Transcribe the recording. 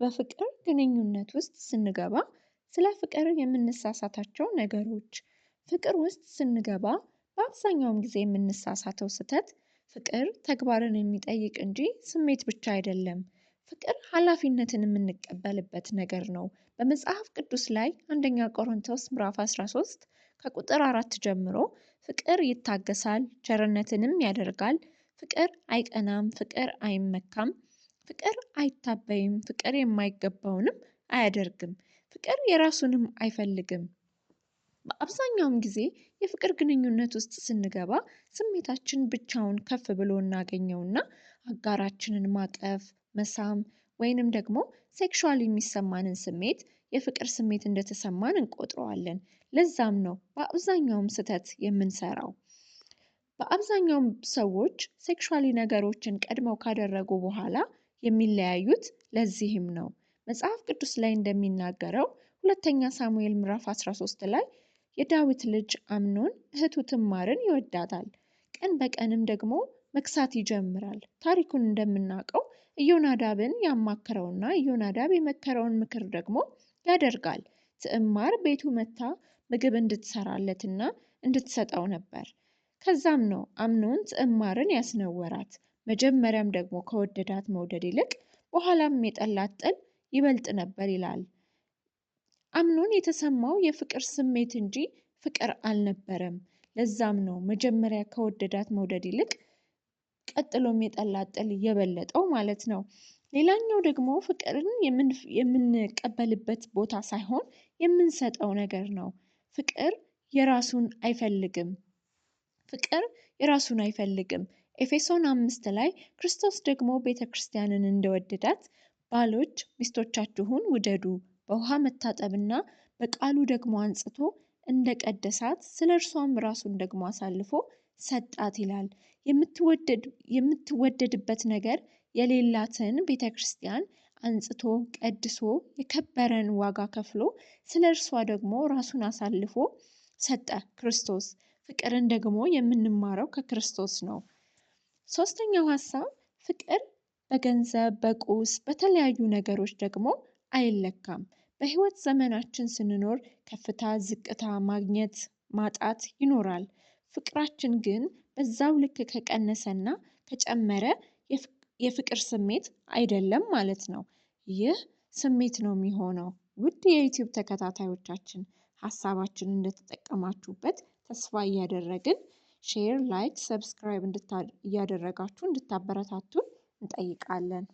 በፍቅር ግንኙነት ውስጥ ስንገባ ስለ ፍቅር የምንሳሳታቸው ነገሮች ፍቅር ውስጥ ስንገባ በአብዛኛውም ጊዜ የምንሳሳተው ስህተት ፍቅር ተግባርን የሚጠይቅ እንጂ ስሜት ብቻ አይደለም። ፍቅር ሀላፊነትን የምንቀበልበት ነገር ነው። በመጽሐፍ ቅዱስ ላይ አንደኛ ቆሮንቶስ ምዕራፍ 13 ከቁጥር አራት ጀምሮ ፍቅር ይታገሳል፣ ቸርነትንም ያደርጋል፣ ፍቅር አይቀናም፣ ፍቅር አይመካም፣ ፍቅር አይታበይም። ፍቅር የማይገባውንም አያደርግም። ፍቅር የራሱንም አይፈልግም። በአብዛኛውም ጊዜ የፍቅር ግንኙነት ውስጥ ስንገባ ስሜታችን ብቻውን ከፍ ብሎ እናገኘውና አጋራችንን ማቀፍ፣ መሳም ወይንም ደግሞ ሴክሹዋል የሚሰማንን ስሜት የፍቅር ስሜት እንደተሰማን እንቆጥረዋለን። ለዛም ነው በአብዛኛውም ስህተት የምንሰራው። በአብዛኛውም ሰዎች ሴክሹዋሊ ነገሮችን ቀድመው ካደረጉ በኋላ የሚለያዩት ለዚህም ነው። መጽሐፍ ቅዱስ ላይ እንደሚናገረው ሁለተኛ ሳሙኤል ምዕራፍ 13 ላይ የዳዊት ልጅ አምኖን እህቱ ትዕማርን ይወዳታል፣ ቀን በቀንም ደግሞ መክሳት ይጀምራል። ታሪኩን እንደምናውቀው ኢዮናዳብን ያማከረውና ኢዮናዳብ የመከረውን ምክር ደግሞ ያደርጋል። ትዕማር ቤቱ መታ ምግብ እንድትሰራለትና እንድትሰጠው ነበር። ከዛም ነው አምኖን ትዕማርን ያስነወራት። መጀመሪያም ደግሞ ከወደዳት መውደድ ይልቅ በኋላም የጠላት ጥል ይበልጥ ነበር ይላል። አምኖን የተሰማው የፍቅር ስሜት እንጂ ፍቅር አልነበረም። ለዛም ነው መጀመሪያ ከወደዳት መውደድ ይልቅ ቀጥሎም የጠላት ጥል የበለጠው ማለት ነው። ሌላኛው ደግሞ ፍቅርን የምንቀበልበት ቦታ ሳይሆን የምንሰጠው ነገር ነው። ፍቅር የራሱን አይፈልግም። ፍቅር የራሱን አይፈልግም ኤፌሶን አምስት ላይ ክርስቶስ ደግሞ ቤተ ክርስቲያንን እንደወደዳት ባሎች ሚስቶቻችሁን ውደዱ፣ በውሃ መታጠብና በቃሉ ደግሞ አንጽቶ እንደ ቀደሳት ስለ እርሷም ራሱን ደግሞ አሳልፎ ሰጣት ይላል። የምትወደድበት ነገር የሌላትን ቤተ ክርስቲያን አንጽቶ ቀድሶ የከበረን ዋጋ ከፍሎ ስለ እርሷ ደግሞ ራሱን አሳልፎ ሰጠ ክርስቶስ። ፍቅርን ደግሞ የምንማረው ከክርስቶስ ነው። ሶስተኛው ሀሳብ ፍቅር በገንዘብ በቁስ በተለያዩ ነገሮች ደግሞ አይለካም። በህይወት ዘመናችን ስንኖር ከፍታ ዝቅታ ማግኘት ማጣት ይኖራል። ፍቅራችን ግን በዛው ልክ ከቀነሰና ከጨመረ የፍቅር ስሜት አይደለም ማለት ነው። ይህ ስሜት ነው የሚሆነው። ውድ የዩቲዩብ ተከታታዮቻችን ሀሳባችን እንደተጠቀማችሁበት ተስፋ እያደረግን ሼር ላይክ ሰብስክራይብ እያደረጋችሁ እንድታበረታቱን እንጠይቃለን